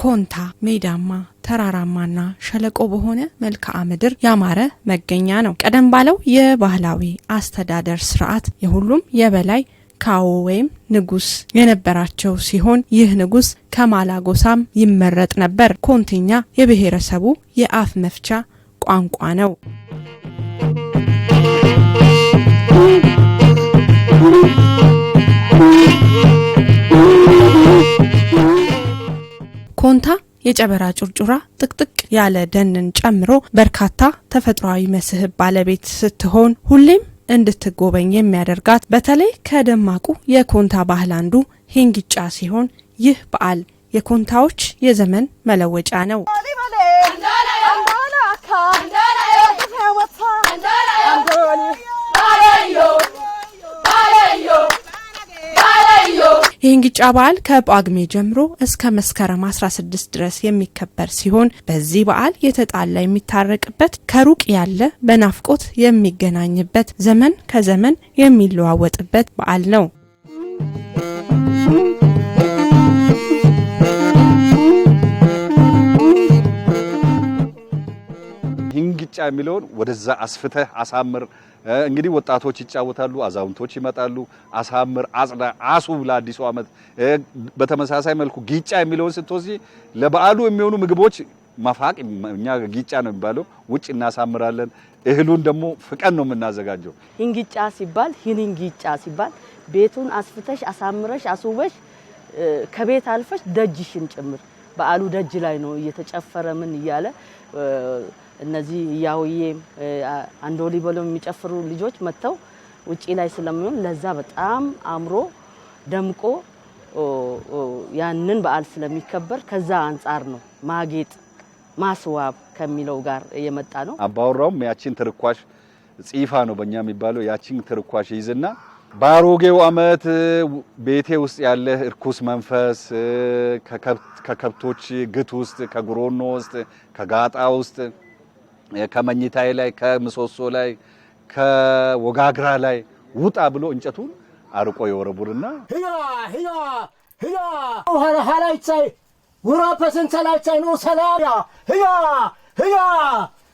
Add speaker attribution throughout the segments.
Speaker 1: ኮንታ ሜዳማ ተራራማና ሸለቆ በሆነ መልክዓ ምድር ያማረ መገኛ ነው። ቀደም ባለው የባህላዊ አስተዳደር ስርዓት የሁሉም የበላይ ካዎ ወይም ንጉስ የነበራቸው ሲሆን ይህ ንጉስ ከማላ ጎሳም ይመረጥ ነበር። ኮንቲኛ የብሔረሰቡ የአፍ መፍቻ ቋንቋ ነው። ኮንታ የጨበራ ጩርጩራ ጥቅጥቅ ያለ ደንን ጨምሮ በርካታ ተፈጥሯዊ መስህብ ባለቤት ስትሆን ሁሌም እንድትጎበኝ የሚያደርጋት በተለይ ከደማቁ የኮንታ ባህል አንዱ ሂንግጫ ሲሆን ይህ በዓል የኮንታዎች የዘመን መለወጫ ነው። የእንግጫ በዓል ከጳጉሜ ጀምሮ እስከ መስከረም 16 ድረስ የሚከበር ሲሆን በዚህ በዓል የተጣላ የሚታረቅበት፣ ከሩቅ ያለ በናፍቆት የሚገናኝበት፣ ዘመን ከዘመን የሚለዋወጥበት በዓል ነው።
Speaker 2: ሩጫ የሚለውን ወደዛ አስፍተህ አሳምር። እንግዲህ ወጣቶች ይጫወታሉ፣ አዛውንቶች ይመጣሉ። አሳምር፣ አጽዳ፣ አሱብ ለአዲሱ ዓመት። በተመሳሳይ መልኩ ጊጫ የሚለውን ስትወስጂ ለበዓሉ የሚሆኑ ምግቦች መፋቅ እኛ ጊጫ ነው የሚባለው፣ ውጭ እናሳምራለን። እህሉን ደግሞ ፍቀን ነው የምናዘጋጀው።
Speaker 3: ሂንጊጫ ሲባል ሂንንጊጫ ሲባል ቤቱን አስፍተሽ አሳምረሽ አስውበሽ ከቤት አልፈሽ ደጅሽን ጭምር በዓሉ ደጅ ላይ ነው እየተጨፈረ ምን እያለ እነዚህ እያውዬም አንዶሊ ብለው የሚጨፍሩ ልጆች መጥተው ውጪ ላይ ስለሚሆን ለዛ በጣም አምሮ ደምቆ ያንን በዓል ስለሚከበር ከዛ አንጻር ነው ማጌጥ ማስዋብ ከሚለው ጋር የመጣ ነው።
Speaker 2: አባወራውም ያችን ትርኳሽ ጽፋ ነው በእኛ የሚባለው ያችን ትርኳሽ ይዝና በአሮጌው ዓመት ቤቴ ውስጥ ያለ እርኩስ መንፈስ ከከብቶች ግት ውስጥ ከጉሮኖ ውስጥ ከጋጣ ውስጥ ከመኝታዬ ላይ ከምሰሶ ላይ ከወጋግራ ላይ ውጣ ብሎ እንጨቱን አርቆ የወረቡርና ህያ ነው ህያ
Speaker 3: ህያ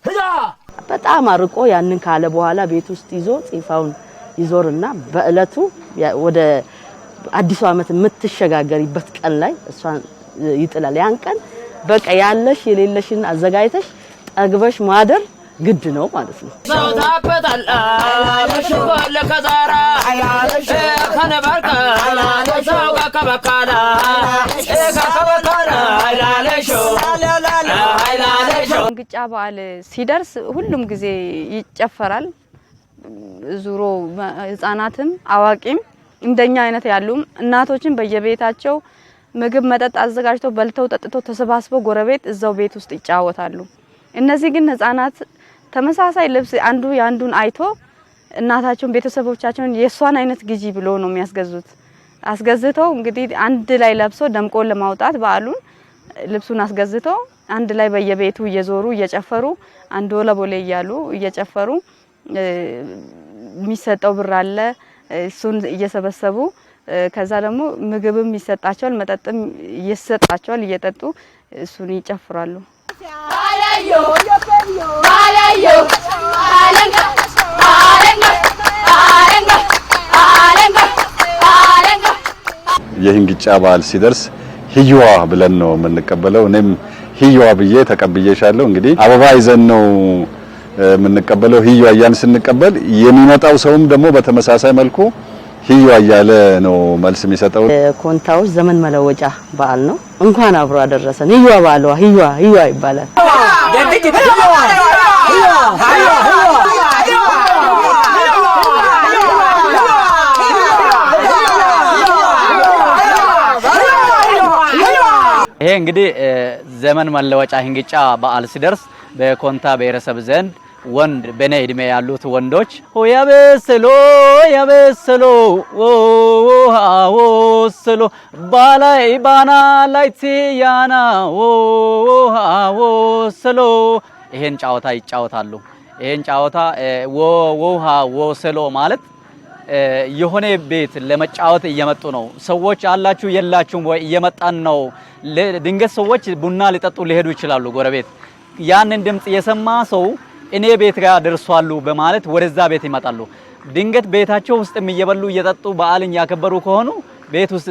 Speaker 3: ህያ በጣም አርቆ ያንን ካለ በኋላ ቤት ውስጥ ይዞ ጽፋውን ይዞርና በእለቱ ወደ አዲሱ ዓመት የምትሸጋገሪበት ቀን ላይ እሷን ይጥላል። ያን ቀን በቃ ያለሽ የሌለሽን አዘጋጅተሽ ጠግበሽ ማደር ግድ ነው ማለት ነው።
Speaker 4: መንግጫ በዓል ሲደርስ ሁሉም ጊዜ ይጨፈራል። ዙሮ ህጻናትም አዋቂም እንደኛ አይነት ያሉም እናቶችን በየቤታቸው ምግብ መጠጥ አዘጋጅተው በልተው ጠጥተው ተሰባስበው ጎረቤት እዛው ቤት ውስጥ ይጫወታሉ። እነዚህ ግን ህጻናት ተመሳሳይ ልብስ አንዱ የአንዱን አይቶ እናታቸውን ቤተሰቦቻቸውን የእሷን አይነት ግዢ ብሎ ነው የሚያስገዙት። አስገዝተው እንግዲህ አንድ ላይ ለብሶ ደምቆ ለማውጣት በዓሉን ልብሱን አስገዝተው አንድ ላይ በየቤቱ እየዞሩ እየጨፈሩ አንድ ወለቦሌ እያሉ እየጨፈሩ የሚሰጠው ብር አለ እሱን እየሰበሰቡ ከዛ ደግሞ ምግብም ይሰጣቸዋል፣ መጠጥም ይሰጣቸዋል። እየጠጡ እሱን ይጨፍራሉ።
Speaker 2: የሂንግጫ በዓል ሲደርስ ህይዋ ብለን ነው የምንቀበለው። እኔም ህይዋ ብዬ ተቀብዬሻለሁ። እንግዲህ አበባ ይዘን ነው የምንቀበለው። ህይዋ እያን ስንቀበል የሚመጣው ሰውም ደግሞ በተመሳሳይ መልኩ ህይዋ እያለ ነው መልስ የሚሰጠው።
Speaker 3: ኮንታ ዘመን መለወጫ በዓል ነው። እንኳን አብሮ አደረሰን። ህይዋ በዓሏ ህይዋ ህይዋ ይባላል። 새끼
Speaker 5: ይሄ እንግዲህ ዘመን መለወጫ ሂንግጫ በዓል ሲደርስ በኮንታ ብሔረሰብ ዘንድ ወንድ በኔ እድሜ ያሉት ወንዶች ያበስሎ ያበስሎ ወስሎ ባላይ ባና ላይ ትያና ወስሎ ይሄን ጨዋታ ይጫወታሉ። ይሄን ጨዋታ ውሃ ወስሎ ማለት የሆነ ቤት ለመጫወት እየመጡ ነው። ሰዎች አላችሁ የላችሁም ወይ? እየመጣን ነው። ድንገት ሰዎች ቡና ሊጠጡ ሊሄዱ ይችላሉ። ጎረቤት ያንን ድምፅ የሰማ ሰው እኔ ቤት ጋር ደርሷሉ በማለት ወደዛ ቤት ይመጣሉ። ድንገት ቤታቸው ውስጥ እየበሉ እየጠጡ በዓልን ያከበሩ ከሆኑ ቤት ውስጥ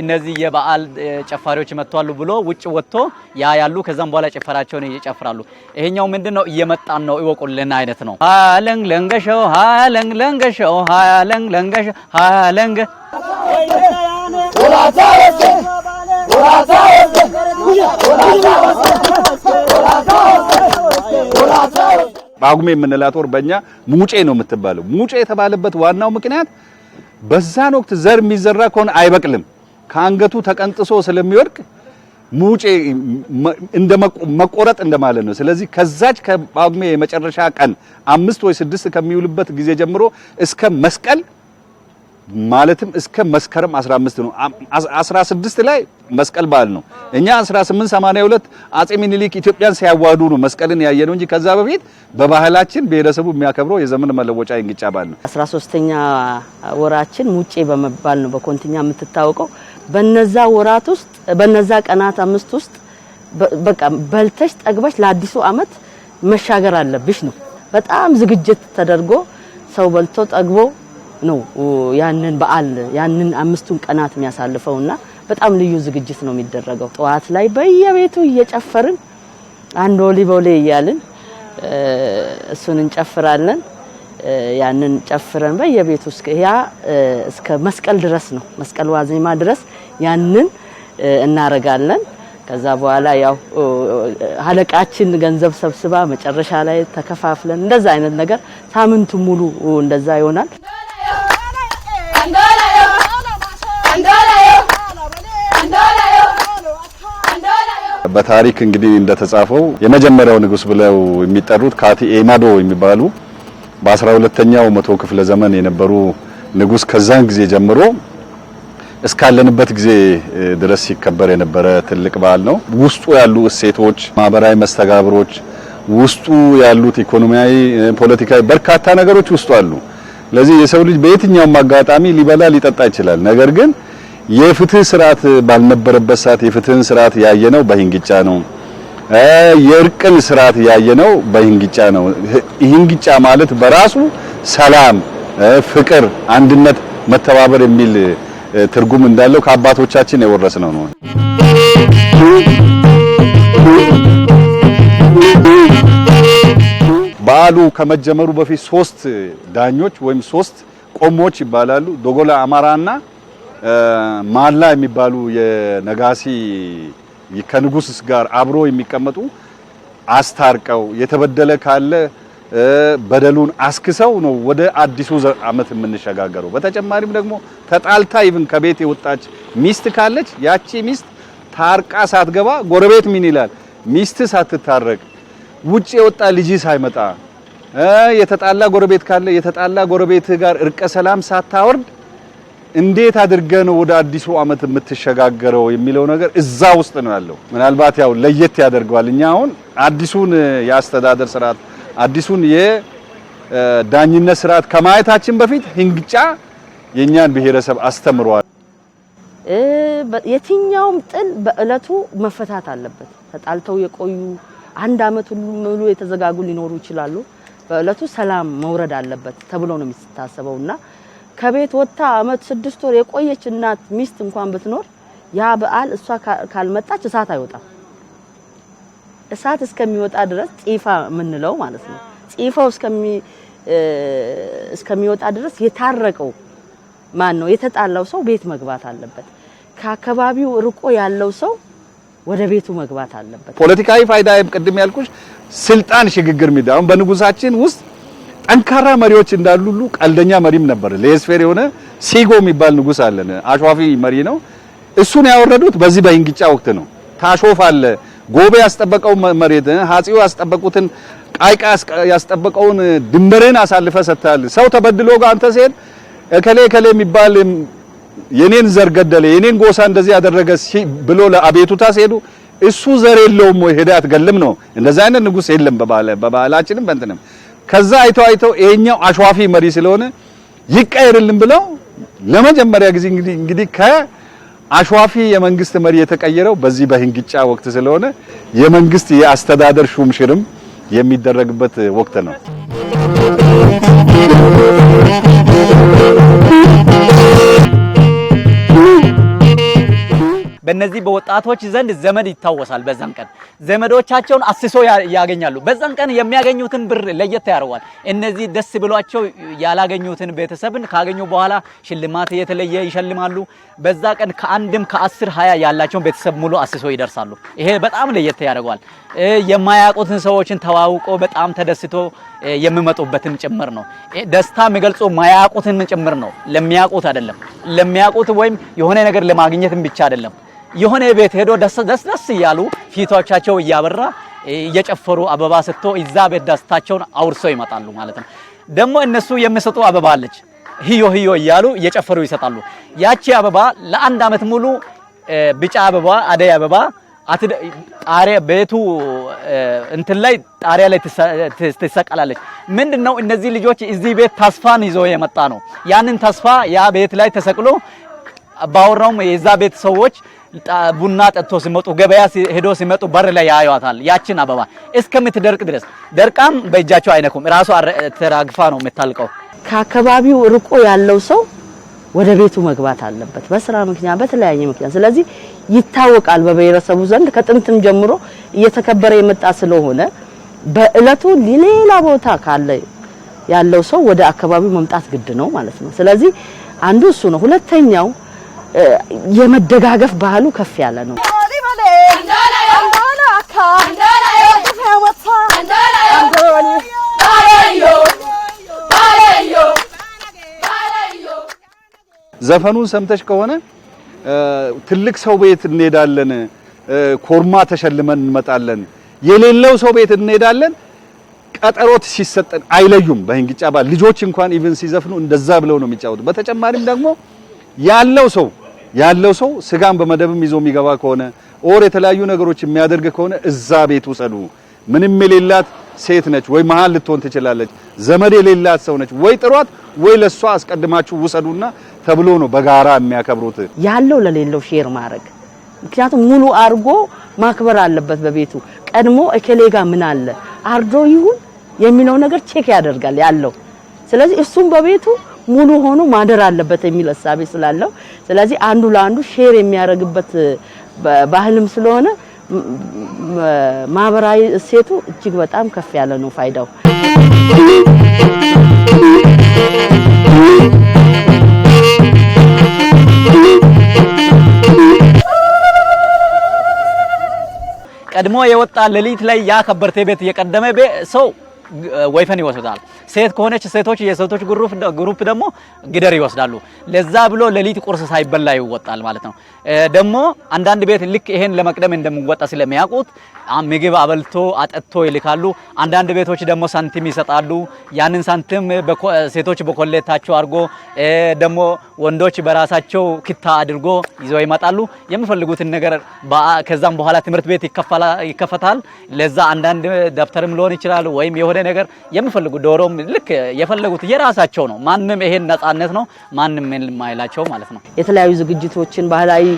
Speaker 5: እነዚህ የበዓል ጨፋሪዎች መጥቷሉ ብሎ ውጭ ወጥቶ ያ ያሉ ከዛም በኋላ ጭፈራቸውን ይጨፍራሉ። ይሄኛው ምንድን ነው እየመጣን ነው ይወቁልን አይነት ነው። ሃለንግ ለንገሸው ሃለንግ ለንገሸው ሃለንግ ለንገሸው ሃለንግ
Speaker 2: ጳጉሜ የምንላት ወር በእኛ ሙጬ ነው የምትባለው። ሙጬ የተባለበት ዋናው ምክንያት በዛን ወቅት ዘር የሚዘራ ከሆነ አይበቅልም፣ ከአንገቱ ተቀንጥሶ ስለሚወድቅ ሙጬ እንደ መቆረጥ እንደማለት ነው። ስለዚህ ከዛች ከጳጉሜ የመጨረሻ ቀን አምስት ወይ ስድስት ከሚውልበት ጊዜ ጀምሮ እስከ መስቀል ማለትም እስከ መስከረም 15 ነው። 16 ላይ መስቀል በዓል ነው። እኛ 1882 አጼ ሚኒሊክ ኢትዮጵያን ሲያዋዱ ነው መስቀልን ያየነው እንጂ ከዛ በፊት በባህላችን ብሔረሰቡ የሚያከብረው የዘመን መለወጫ የእንግጫ በዓል ነው።
Speaker 3: 13ኛ ወራችን ሙጬ በመባል ነው በኮንቲኛ የምትታወቀው። በነዛ ወራት ውስጥ በነዛ ቀናት አምስት ውስጥ በቃ በልተሽ ጠግበሽ ለአዲሱ አመት መሻገር አለብሽ ነው። በጣም ዝግጅት ተደርጎ ሰው በልቶ ጠግቦ ነው ያንን በዓል ያንን አምስቱን ቀናት የሚያሳልፈው እና በጣም ልዩ ዝግጅት ነው የሚደረገው። ጠዋት ላይ በየቤቱ እየጨፈርን አንድ ወሊ ቦሌ እያልን እሱን እንጨፍራለን። ያንን ጨፍረን በየቤቱ እስከ ያ እስከ መስቀል ድረስ ነው መስቀል ዋዜማ ድረስ ያንን እናረጋለን። ከዛ በኋላ ያው አለቃችን ገንዘብ ሰብስባ መጨረሻ ላይ ተከፋፍለን እንደዛ አይነት ነገር ሳምንቱን ሙሉ እንደዛ ይሆናል።
Speaker 2: በታሪክ እንግዲህ እንደተጻፈው የመጀመሪያው ንጉስ ብለው የሚጠሩት ካቲ ኤማዶ የሚባሉ በ12ኛው መቶ ክፍለ ዘመን የነበሩ ንጉስ ከዛን ጊዜ ጀምሮ እስካለንበት ጊዜ ድረስ ሲከበር የነበረ ትልቅ በዓል ነው። ውስጡ ያሉ እሴቶች፣ ማህበራዊ መስተጋብሮች፣ ውስጡ ያሉት ኢኮኖሚያዊ፣ ፖለቲካዊ በርካታ ነገሮች ውስጡ አሉ። ስለዚህ የሰው ልጅ በየትኛውም አጋጣሚ ሊበላ ሊጠጣ ይችላል። ነገር ግን የፍትህ ስርዓት ባልነበረበት ሰዓት የፍትህን ስርዓት ያየነው በሂንግጫ ነው። የእርቅን ስርዓት ያየነው በሂንግጫ ነው። ሂንግጫ ማለት በራሱ ሰላም፣ ፍቅር፣ አንድነት፣ መተባበር የሚል ትርጉም እንዳለው ከአባቶቻችን የወረስነው ነው። በዓሉ ከመጀመሩ በፊት ሶስት ዳኞች ወይም ሶስት ቆሞች ይባላሉ ዶጎላ አማራና ማላ የሚባሉ የነጋሲ ከንጉስ ጋር አብሮ የሚቀመጡ አስታርቀው የተበደለ ካለ በደሉን አስክሰው ነው ወደ አዲሱ ዓመት የምንሸጋገረው። በተጨማሪም ደግሞ ተጣልታ ይብን ከቤት የወጣች ሚስት ካለች ያቺ ሚስት ታርቃ ሳትገባ ጎረቤት ምን ይላል? ሚስት ሳትታረቅ ውጭ የወጣ ልጅ ሳይመጣ የተጣላ ጎረቤት ካለ የተጣላ ጎረቤት ጋር እርቀ ሰላም ሳታወርድ እንዴት አድርገን ነው ወደ አዲሱ አመት የምትሸጋገረው የሚለው ነገር እዛ ውስጥ ነው ያለው። ምናልባት ያው ለየት ያደርገዋል። እኛ አሁን አዲሱን የአስተዳደር ስርዓት አዲሱን የዳኝነት ስርዓት ከማየታችን በፊት ህንግጫ የእኛን ብሔረሰብ አስተምሯል።
Speaker 3: የትኛውም ጥል በእለቱ መፈታት አለበት። ተጣልተው የቆዩ አንድ አመት ሁሉ ሙሉ የተዘጋጉ ሊኖሩ ይችላሉ። በእለቱ ሰላም መውረድ አለበት ተብሎ ነው እና? ከቤት ወጥታ አመት ስድስት ወር የቆየች እናት ሚስት እንኳን ብትኖር ያ በዓል እሷ ካልመጣች እሳት አይወጣም። እሳት እስከሚወጣ ድረስ ፂፋ የምንለው ማለት ነው። ፂፋው እስከሚወጣ ድረስ የታረቀው ማን ነው? የተጣላው ሰው ቤት መግባት አለበት። ከአካባቢው ርቆ ያለው ሰው ወደ ቤቱ መግባት አለበት።
Speaker 2: ፖለቲካዊ ፋይዳ ቅድም ያልኩሽ ስልጣን ሽግግር የሚዳውን በንጉሳችን ውስጥ ጠንካራ መሪዎች እንዳሉ ሁሉ ቀልደኛ መሪም ነበር። ለኤስፌር የሆነ ሲጎ የሚባል ንጉስ አለን። አሿፊ መሪ ነው። እሱን ያወረዱት በዚህ በእንግጫ ወቅት ነው። ታሾፍ አለ ጎቤ ያስጠበቀው መሬት ሀጺው ያስጠበቁትን ቃይቃ ያስጠበቀውን ድንበርን አሳልፈ ሰጥታል። ሰው ተበድሎ ጋር አንተ ሲሄድ እከሌ እከሌ የሚባል የኔን ዘር ገደለ የኔን ጎሳ እንደዚህ ያደረገ ብሎ ለአቤቱታ ሲሄዱ እሱ ዘር የለውም ወይ ሄዳ አትገልም ነው። እንደዚህ አይነት ንጉስ የለም በባህላችንም በእንትንም ከዛ አይቶ አይቶ ይሄኛው አሸዋፊ መሪ ስለሆነ ይቀየርልን ብለው ለመጀመሪያ ጊዜ እንግዲህ እንግዲህ ከአሸዋፊ የመንግስት መሪ የተቀየረው በዚህ በህንግጫ ወቅት ስለሆነ የመንግስት የአስተዳደር ሹምሽርም የሚደረግበት ወቅት ነው።
Speaker 5: በእነዚህ በወጣቶች ዘንድ ዘመድ ይታወሳል። በዛን ቀን ዘመዶቻቸውን አስሶ ያገኛሉ። በዛን ቀን የሚያገኙትን ብር ለየት ያደርጓል። እነዚህ ደስ ብሏቸው ያላገኙትን ቤተሰብን ካገኙ በኋላ ሽልማት የተለየ ይሸልማሉ። በዛ ቀን ከአንድም ከአስር ሀያ ያላቸውን ቤተሰብ ሙሉ አስሶ ይደርሳሉ። ይሄ በጣም ለየት ያደርጓል። የማያውቁትን ሰዎችን ተዋውቆ በጣም ተደስቶ የሚመጡበትም ጭምር ነው። ደስታ የሚገልጹ ማያውቁትን ጭምር ነው። ለሚያውቁት አይደለም። ለሚያውቁት ወይም የሆነ ነገር ለማግኘትም ብቻ አይደለም። የሆነ ቤት ሄዶ ደስ ደስ እያሉ ፊቶቻቸው እያበራ እየጨፈሩ አበባ ስቶ እዛ ቤት ደስታቸውን አውርሰው ይመጣሉ ማለት ነው። ደግሞ እነሱ የሚሰጡ አበባ አለች። ህዮ ህዮ እያሉ እየጨፈሩ ይሰጣሉ። ያቺ አበባ ለአንድ ዓመት ሙሉ ቢጫ አበባ፣ አደይ አበባ ጣሪያ ቤቱ እንትን ላይ ጣሪያ ላይ ትሰቀላለች። ምንድነው እነዚህ ልጆች እዚህ ቤት ተስፋን ይዞ የመጣ ነው። ያንን ተስፋ ያ ቤት ላይ ተሰቅሎ ባወራውም የዛ ቤት ሰዎች ቡና ጠጥቶ ሲመጡ ገበያ ሄዶ ሲመጡ በር ላይ ያዩዋታል። ያችን አበባ እስከምትደርቅ ድረስ ደርቃም በእጃቸው አይነኩም። ራሱ ተራግፋ ነው የምታልቀው።
Speaker 3: ከአካባቢው ርቆ ያለው ሰው ወደ ቤቱ መግባት አለበት፣ በስራ ምክንያት፣ በተለያየ ምክንያት። ስለዚህ ይታወቃል በብሔረሰቡ ዘንድ ከጥንትም ጀምሮ እየተከበረ የመጣ ስለሆነ በእለቱ ሌላ ቦታ ካለ ያለው ሰው ወደ አካባቢው መምጣት ግድ ነው ማለት ነው። ስለዚህ አንዱ እሱ ነው። ሁለተኛው የመደጋገፍ ባህሉ ከፍ ያለ ነው።
Speaker 2: ዘፈኑን ሰምተሽ ከሆነ ትልቅ ሰው ቤት እንሄዳለን፣ ኮርማ ተሸልመን እንመጣለን፣ የሌለው ሰው ቤት እንሄዳለን ቀጠሮት ሲሰጠን አይለዩም። በእንግጫ ባል ልጆች እንኳን ኢቭን ሲዘፍኑ እንደዛ ብለው ነው የሚጫወቱ። በተጨማሪም ደግሞ ያለው ሰው ያለው ሰው ስጋን በመደብም ይዞ የሚገባ ከሆነ ኦር የተለያዩ ነገሮች የሚያደርግ ከሆነ እዛ ቤት ውሰዱ። ምንም የሌላት ሴት ነች ወይ መሀል ልትሆን ትችላለች። ዘመድ የሌላት ሰው ነች ወይ ጥሯት ወይ ለሷ አስቀድማችሁ ውሰዱና ተብሎ ነው በጋራ የሚያከብሩት።
Speaker 3: ያለው ለሌለው ሼር ማድረግ ምክንያቱም ሙሉ አድርጎ ማክበር አለበት። በቤቱ ቀድሞ እከሌ ምን አለ አርዶ ይሁን የሚለው ነገር ቼክ ያደርጋል ያለው። ስለዚህ እሱም በቤቱ ሙሉ ሆኖ ማደር አለበት የሚል እሳቤ ስላለው ስለዚህ አንዱ ለአንዱ ሼር የሚያደርግበት ባህልም ስለሆነ ማህበራዊ እሴቱ እጅግ በጣም ከፍ ያለ ነው ፋይዳው።
Speaker 5: ቀድሞ የወጣ ሌሊት ላይ ያ ከበርቴ ቤት እየቀደመ ሰው ወይፈን ይወስዳል። ሴት ከሆነች ሴቶች የሴቶች ግሩፕ ደግሞ ግደር ይወስዳሉ። ለዛ ብሎ ሌሊት ቁርስ ሳይበላ ይወጣል ማለት ነው። ደግሞ አንዳንድ ቤት ልክ ይሄን ለመቅደም እንደምወጣ ስለሚያውቁት ምግብ አበልቶ አጠጥቶ ይልካሉ። አንዳንድ ቤቶች ደግሞ ሳንቲም ይሰጣሉ። ያንን ሳንቲም ሴቶች በኮሌታቸው አድርጎ ደግሞ ወንዶች በራሳቸው ኪታ አድርጎ ይዘው ይመጣሉ የሚፈልጉትን ነገር። ከዛም በኋላ ትምህርት ቤት ይከፈታል። ለዛ አንዳንድ ደብተርም ሊሆን ይችላል ወይም የሆነ ነገር የሚፈልጉ ዶሮም ልክ የፈለጉት የራሳቸው ነው። ማንም ይሄን ነፃነት ነው፣ ማንም የማይላቸው ማለት ነው።
Speaker 3: የተለያዩ ዝግጅቶችን ባህላዊ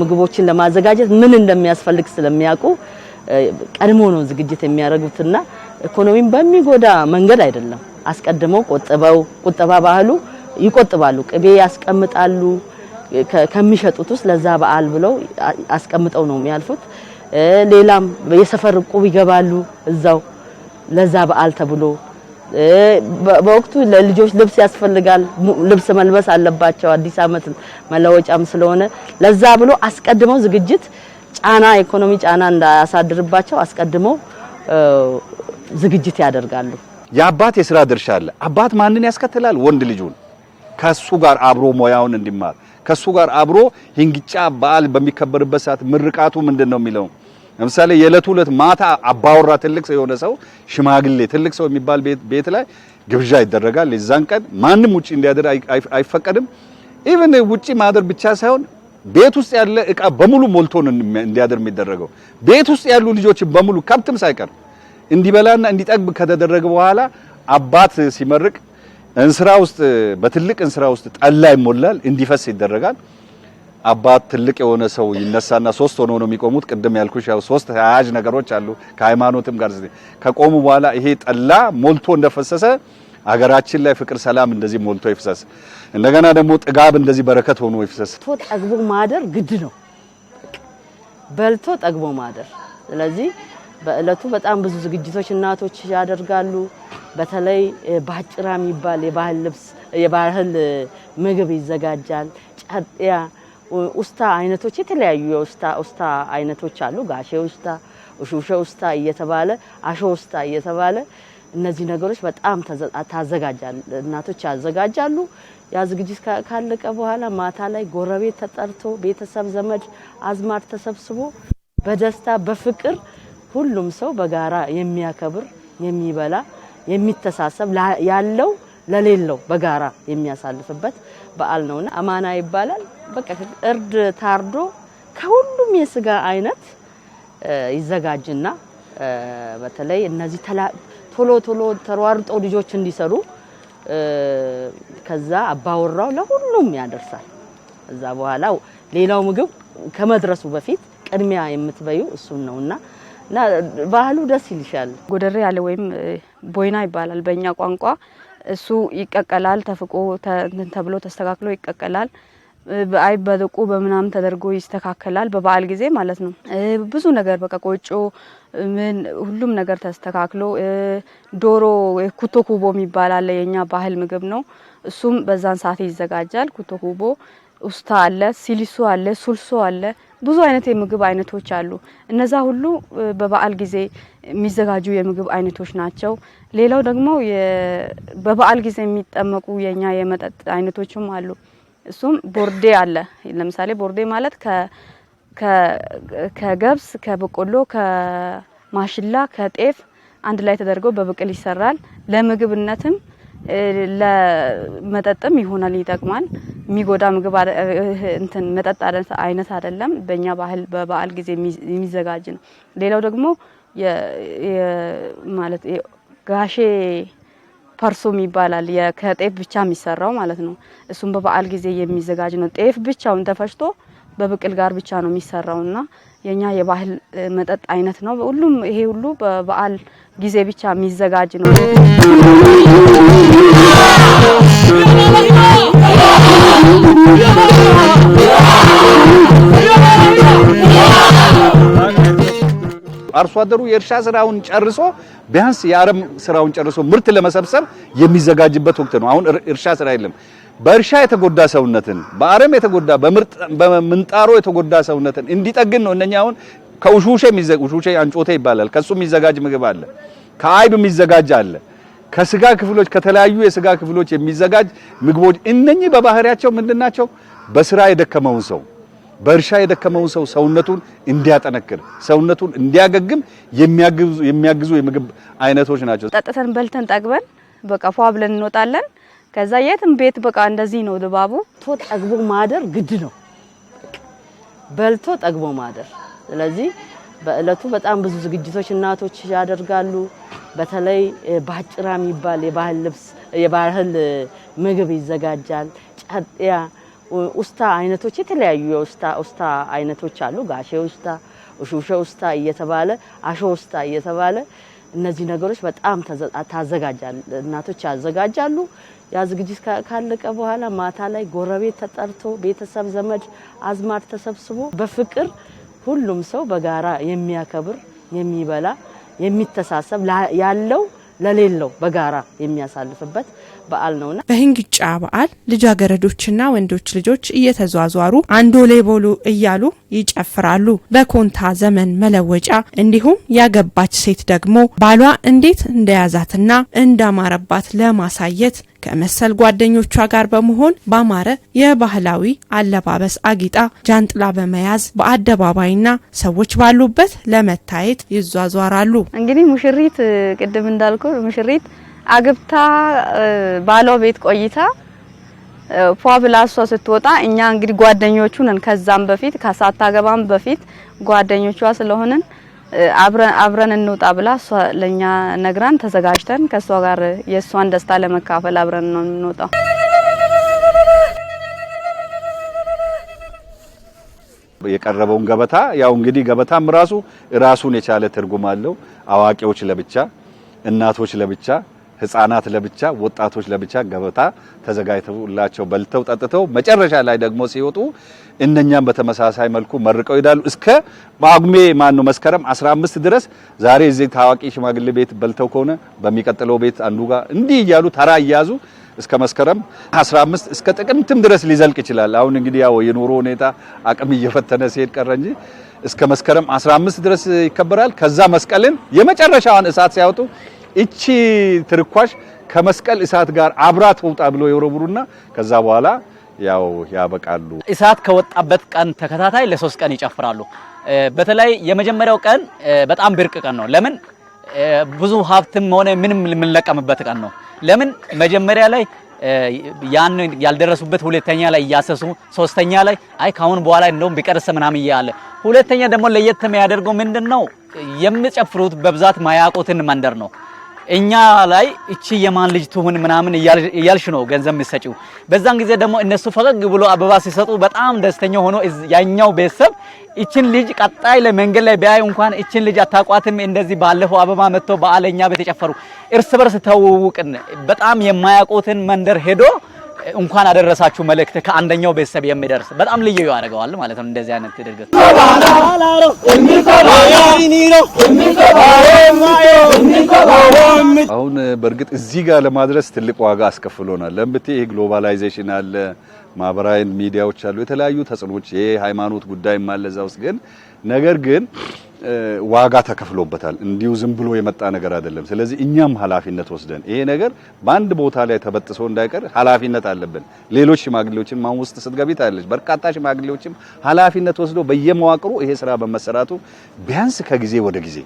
Speaker 3: ምግቦችን ለማዘጋጀት ምን እንደሚያስፈልግ ስለሚያውቁ ቀድሞ ነው ዝግጅት የሚያደርጉትና ኢኮኖሚን በሚጎዳ መንገድ አይደለም። አስቀድመው ቆጥበው ቁጠባ ባህሉ ይቆጥባሉ። ቅቤ ያስቀምጣሉ ከሚሸጡት ውስጥ ለዛ በዓል ብለው አስቀምጠው ነው የሚያልፉት። ሌላም የሰፈር እቁብ ይገባሉ እዛው ለዛ በዓል ተብሎ በወቅቱ ለልጆች ልብስ ያስፈልጋል። ልብስ መልበስ አለባቸው። አዲስ ዓመት መለወጫም ስለሆነ ለዛ ብሎ አስቀድመው ዝግጅት ጫና ኢኮኖሚ ጫና እንዳያሳድርባቸው አስቀድመው ዝግጅት ያደርጋሉ።
Speaker 2: የአባት የስራ ድርሻ አለ። አባት ማንን ያስከትላል? ወንድ ልጁን ከሱ ጋር አብሮ ሙያውን እንዲማር ከሱ ጋር አብሮ ሂንግጫ በዓል በሚከበርበት ሰዓት ምርቃቱ ምንድን ነው የሚለው ለምሳሌ የዕለት ሁለት ማታ አባወራ ትልቅ ሰው የሆነ ሰው ሽማግሌ ትልቅ ሰው የሚባል ቤት ላይ ግብዣ ይደረጋል። የዛን ቀን ማንም ውጪ እንዲያድር አይፈቀድም። ኢቭን ውጪ ማደር ብቻ ሳይሆን ቤት ውስጥ ያለ እቃ በሙሉ ሞልቶ እንዲያድር የሚደረገው። ቤት ውስጥ ያሉ ልጆች በሙሉ ከብትም ሳይቀር እንዲበላና እንዲጠግብ ከተደረገ በኋላ አባት ሲመርቅ እንስራ ውስጥ በትልቅ እንስራ ውስጥ ጠላ ይሞላል፣ እንዲፈስ ይደረጋል። አባት ትልቅ የሆነ ሰው ይነሳና ሶስት ሆኖ ነው የሚቆሙት። ቅድም ያልኩሽ ያው ሶስት ተያያዥ ነገሮች አሉ ከሃይማኖትም ጋር ከቆሙ በኋላ ይሄ ጠላ ሞልቶ እንደፈሰሰ አገራችን ላይ ፍቅር፣ ሰላም እንደዚህ ሞልቶ ይፍሰስ። እንደገና ደግሞ ጥጋብ እንደዚህ በረከት ሆኖ ይፍሰስ።
Speaker 3: ጠግቦ ማደር ግድ ነው፣ በልቶ ጠግቦ ማደር። ስለዚህ በእለቱ በጣም ብዙ ዝግጅቶች እናቶች ያደርጋሉ። በተለይ ባጭራ የሚባል የባህል ልብስ የባህል ምግብ ይዘጋጃል። ጨርጥያ ውስታ አይነቶች የተለያዩ የውስታ ውስታ አይነቶች አሉ። ጋሼ ውስታ፣ ሹሸ ውስታ እየተባለ አሾ ውስታ እየተባለ እነዚህ ነገሮች በጣም ታዘጋጃል እናቶች ያዘጋጃሉ። ያ ዝግጅት ካለቀ በኋላ ማታ ላይ ጎረቤት ተጠርቶ ቤተሰብ ዘመድ አዝማድ ተሰብስቦ በደስታ በፍቅር ሁሉም ሰው በጋራ የሚያከብር የሚበላ የሚተሳሰብ ያለው ለሌለው በጋራ የሚያሳልፍበት በዓል ነውና አማና ይባላል። በቃ እርድ ታርዶ ከሁሉም የስጋ አይነት ይዘጋጅና በተለይ እነዚህ ቶሎ ቶሎ ተሯርጠው ልጆች እንዲሰሩ ከዛ አባወራው ለሁሉም ያደርሳል። ከዛ በኋላ ሌላው ምግብ ከመድረሱ በፊት ቅድሚያ የምትበዩ እሱን ነውና እና ባህሉ ደስ ይልሻል።
Speaker 4: ጎደሬ ያለ ወይም ቦይና ይባላል በእኛ ቋንቋ። እሱ ይቀቀላል፣ ተፍቆ ተብሎ ተስተካክሎ ይቀቀላል። አይብ በደቆ በምናምን ተደርጎ ይስተካከላል። በበዓል ጊዜ ማለት ነው። ብዙ ነገር በቃ ቆጮ ምን ሁሉም ነገር ተስተካክሎ ዶሮ ኩቶ ኩቦ የሚባል አለ። የኛ ባህል ምግብ ነው። እሱም በዛን ሰዓት ይዘጋጃል። ኩቶ ኩቦ፣ አለ፣ ሲሊሶ አለ፣ ሱልሶ አለ። ብዙ አይነት የምግብ አይነቶች አሉ። እነዛ ሁሉ በበዓል ጊዜ የሚዘጋጁ የምግብ አይነቶች ናቸው። ሌላው ደግሞ በበዓል ጊዜ የሚጠመቁ የኛ የመጠጥ አይነቶችም አሉ። እሱም ቦርዴ አለ። ለምሳሌ ቦርዴ ማለት ከገብስ፣ ከበቆሎ፣ ከማሽላ፣ ከጤፍ አንድ ላይ ተደርጎ በብቅል ይሰራል። ለምግብነትም ለመጠጥም ይሆናል፣ ይጠቅማል። የሚጎዳ ምግብ እንትን መጠጥ አይነት አይደለም። በእኛ ባህል በበዓል ጊዜ የሚዘጋጅ ነው። ሌላው ደግሞ ማለት ጋሼ ፐርሶም ይባላል። ከጤፍ ብቻ የሚሰራው ማለት ነው። እሱም በበዓል ጊዜ የሚዘጋጅ ነው። ጤፍ ብቻውን ተፈጭቶ በብቅል ጋር ብቻ ነው የሚሰራው እና የኛ የባህል መጠጥ አይነት ነው። ሁሉም ይሄ ሁሉ በበዓል ጊዜ ብቻ የሚዘጋጅ ነው።
Speaker 2: አርሶ አደሩ የእርሻ ስራውን ጨርሶ ቢያንስ የአረም ስራውን ጨርሶ ምርት ለመሰብሰብ የሚዘጋጅበት ወቅት ነው። አሁን እርሻ ስራ የለም። በእርሻ የተጎዳ ሰውነትን በአረም የተጎዳ በምንጣሮ የተጎዳ ሰውነትን እንዲጠግን ነው። እነኛ አሁን ከውሹሼ ውሹሼ አንጮቴ ይባላል። ከሱ የሚዘጋጅ ምግብ አለ። ከአይብ የሚዘጋጅ አለ ከስጋ ክፍሎች ከተለያዩ የስጋ ክፍሎች የሚዘጋጅ ምግቦች እነኚህ በባህሪያቸው ምንድናቸው? በስራ የደከመውን ሰው በእርሻ የደከመውን ሰው ሰውነቱን እንዲያጠነክር ሰውነቱን እንዲያገግም የሚያግዙ የምግብ አይነቶች ናቸው።
Speaker 4: ጠጥተን በልተን ጠግበን በቃ ፏ ብለን እንወጣለን። ከዛ የትም ቤት በቃ እንደዚህ ነው ድባቡ።
Speaker 3: ጠግቦ ማደር ግድ ነው፣ በልቶ ጠግቦ ማደር። ስለዚህ በእለቱ በጣም ብዙ ዝግጅቶች እናቶች ያደርጋሉ። በተለይ ባጭራ የሚባል የባህል ልብስ የባህል ምግብ ይዘጋጃል። ጨርጥያ ውስታ አይነቶች የተለያዩ የውስታ ውስታ አይነቶች አሉ። ጋሼ ውስታ፣ ሹሸ ውስታ እየተባለ አሾ ውስታ እየተባለ እነዚህ ነገሮች በጣም ታዘጋጃል እናቶች ያዘጋጃሉ። ያ ዝግጅት ካለቀ በኋላ ማታ ላይ ጎረቤት ተጠርቶ ቤተሰብ ዘመድ አዝማድ ተሰብስቦ በፍቅር ሁሉም ሰው በጋራ የሚያከብር የሚበላ የሚተሳሰብ ያለው ለሌለው በጋራ የሚያሳልፍበት
Speaker 1: በዓል ነውና በሂንግጫ በዓል ልጃገረዶችና ወንዶች ልጆች እየተዟዟሩ አንዶ ሌቦሉ እያሉ ይጨፍራሉ። በኮንታ ዘመን መለወጫ እንዲሁም ያገባች ሴት ደግሞ ባሏ እንዴት እንደያዛትና እንዳማረባት ለማሳየት ከመሰል ጓደኞቿ ጋር በመሆን ባማረ የባህላዊ አለባበስ አጊጣ ጃንጥላ በመያዝ በአደባባይና ሰዎች ባሉበት ለመታየት ይዟዟራሉ።
Speaker 4: እንግዲህ ሙሽሪት ቅድም እንዳልኩ ሙሽሪት አግብታ ባለው ቤት ቆይታ ፏ ብላ እሷ ስትወጣ እኛ እንግዲህ ጓደኞቹ ነን። ከዛም በፊት ከሳታገባም በፊት ጓደኞቿ ስለሆንን አብረን አብረን እንውጣ ብላ እሷ ለኛ ነግራን ተዘጋጅተን ከሷ ጋር የእሷን ደስታ ለመካፈል አብረን ነው የምንወጣው።
Speaker 2: የቀረበውን ገበታ ያው እንግዲህ ገበታም ራሱ ራሱን የቻለ ትርጉም አለው። አዋቂዎች ለብቻ፣ እናቶች ለብቻ ህፃናት ለብቻ፣ ወጣቶች ለብቻ ገበታ ተዘጋጅተውላቸው በልተው ጠጥተው መጨረሻ ላይ ደግሞ ሲወጡ እነኛም በተመሳሳይ መልኩ መርቀው ይሄዳሉ። እስከ ጳጉሜ ማነው መስከረም 15 ድረስ ዛሬ እዚህ ታዋቂ ሽማግሌ ቤት በልተው ከሆነ በሚቀጥለው ቤት አንዱ ጋር እንዲህ እያሉ ተራ እያያዙ እስከ መስከረም 15 እስከ ጥቅምትም ድረስ ሊዘልቅ ይችላል። አሁን እንግዲህ ያው የኑሮ ሁኔታ አቅም እየፈተነ ሲሄድ ቀረ እንጂ እስከ መስከረም 15 ድረስ ይከበራል። ከዛ መስቀልን የመጨረሻዋን እሳት ሲያወጡ እቺ ትርኳሽ ከመስቀል እሳት ጋር አብራ ተውጣ ብሎ የወረቡሩና ከዛ በኋላ ያው ያበቃሉ።
Speaker 5: እሳት ከወጣበት ቀን ተከታታይ ለሶስት ቀን ይጨፍራሉ። በተለይ የመጀመሪያው ቀን በጣም ብርቅ ቀን ነው። ለምን? ብዙ ሀብትም ሆነ ምንም የምንለቀምበት ቀን ነው። ለምን? መጀመሪያ ላይ ያን ያልደረሱበት ሁለተኛ ላይ እያሰሱ ሶስተኛ ላይ አይ ካሁን በኋላ እንደውም ቢቀርስ ምናምን እያለ ሁለተኛ ደግሞ ለየት የሚያደርገው ምንድን ነው? የምጨፍሩት በብዛት ማያውቁትን መንደር ነው። እኛ ላይ እቺ የማን ልጅ ትሁን ምናምን እያልሽ ነው ገንዘብ የምትሰጪው። በዛን ጊዜ ደግሞ እነሱ ፈገግ ብሎ አበባ ሲሰጡ በጣም ደስተኛ ሆኖ ያኛው ቤተሰብ እችን ልጅ ቀጣይ ለመንገድ ላይ ቢያዩ እንኳን እችን ልጅ አታቋትም፣ እንደዚህ ባለፈው አበባ መጥቶ በአለኛ በተጨፈሩ እርስ በርስ ተውውቅን በጣም የማያውቁትን መንደር ሄዶ እንኳን አደረሳችሁ መልእክት ከአንደኛው ቤተሰብ የሚደርስ በጣም ልዩ ያደርገዋል ማለት ነው። እንደዚህ አይነት ድርግት
Speaker 2: አሁን በእርግጥ እዚህ ጋር ለማድረስ ትልቅ ዋጋ አስከፍሎናል። ለምብቴ ይሄ ግሎባላይዜሽን አለ፣ ማህበራዊ ሚዲያዎች አሉ፣ የተለያዩ ተጽዕኖች፣ ይሄ ሃይማኖት ጉዳይም አለ እዛ ውስጥ ግን ነገር ግን ዋጋ ተከፍሎበታል። እንዲሁ ዝም ብሎ የመጣ ነገር አይደለም። ስለዚህ እኛም ኃላፊነት ወስደን ይሄ ነገር በአንድ ቦታ ላይ ተበጥሶ እንዳይቀር ኃላፊነት አለብን። ሌሎች ሽማግሌዎችን ማን ውስጥ ስትገቢ ታያለች። በርካታ ሽማግሌዎችም ኃላፊነት ወስዶ በየመዋቅሩ ይሄ ስራ በመሰራቱ ቢያንስ ከጊዜ ወደ ጊዜ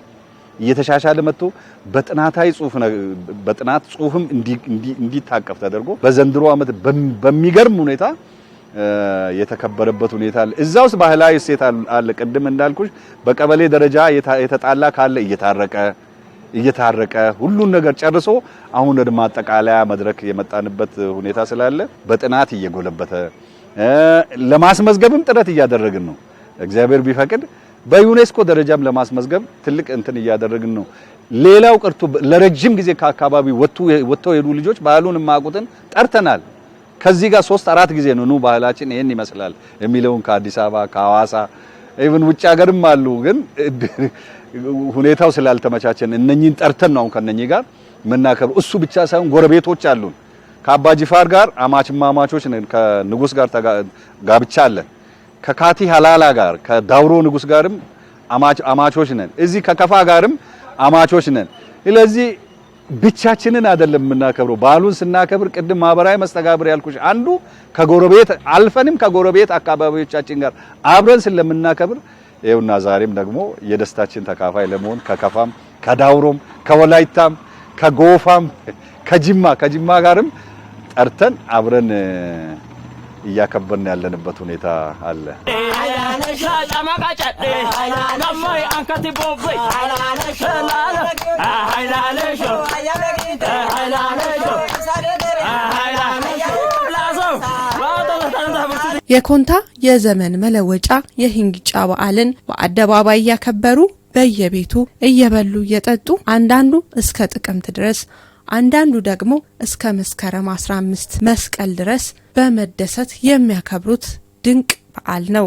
Speaker 2: እየተሻሻለ መጥቶ በጥናታዊ ጽሁፍ በጥናት ጽሁፍም እንዲታቀፍ ተደርጎ በዘንድሮ ዓመት በሚገርም ሁኔታ የተከበረበት ሁኔታ አለ። እዛ ውስጥ ባህላዊ እሴት አለ። ቅድም እንዳልኩሽ በቀበሌ ደረጃ የተጣላ ካለ እየታረቀ እየታረቀ ሁሉን ነገር ጨርሶ አሁን ወደ ማጠቃለያ መድረክ የመጣንበት ሁኔታ ስላለ በጥናት እየጎለበተ ለማስመዝገብም ጥረት እያደረግን ነው። እግዚአብሔር ቢፈቅድ በዩኔስኮ ደረጃም ለማስመዝገብ ትልቅ እንትን እያደረግን ነው። ሌላው ቀርቶ ለረጅም ጊዜ ከአካባቢ ወጥተው የሄዱ ልጆች ባህሉን የማያውቁትን ጠርተናል። ከዚህ ጋር ሶስት አራት ጊዜ ነው ኑ ባህላችን ይሄን ይመስላል የሚለውን ከአዲስ አበባ ከሐዋሳ ኢቭን ውጭ ሀገርም አሉ። ግን ሁኔታው ስላልተመቻቸን እነኚህን ጠርተን ነው አሁን ከነኚህ ጋር የምናከብረው። እሱ ብቻ ሳይሆን ጎረቤቶች አሉን። ከአባ ጅፋር ጋር አማች ማማቾች ነን። ከንጉስ ጋር ጋብቻ አለን። ከካቲ ሀላላ ጋር ከዳውሮ ንጉስ ጋርም አማቾች ነን። እዚህ ከከፋ ጋርም አማቾች ነን። ስለዚህ ብቻችንን አይደለም የምናከብረው። በዓሉን ስናከብር ቅድም ማህበራዊ መስተጋብር ያልኩሽ አንዱ ከጎረቤት አልፈንም ከጎረቤት አካባቢዎቻችን ጋር አብረን ስለምናከብር ይኸውና ዛሬም ደግሞ የደስታችን ተካፋይ ለመሆን ከከፋም ከዳውሮም ከወላይታም ከጎፋም ከጅማ ከጅማ ጋርም ጠርተን አብረን እያከበርን ያለንበት ሁኔታ አለ።
Speaker 1: የኮንታ የዘመን መለወጫ የሂንግጫ በዓልን በአደባባይ እያከበሩ በየቤቱ እየበሉ እየጠጡ አንዳንዱ እስከ ጥቅምት ድረስ አንዳንዱ ደግሞ እስከ መስከረም 15 መስቀል ድረስ በመደሰት የሚያከብሩት ድንቅ በዓል ነው።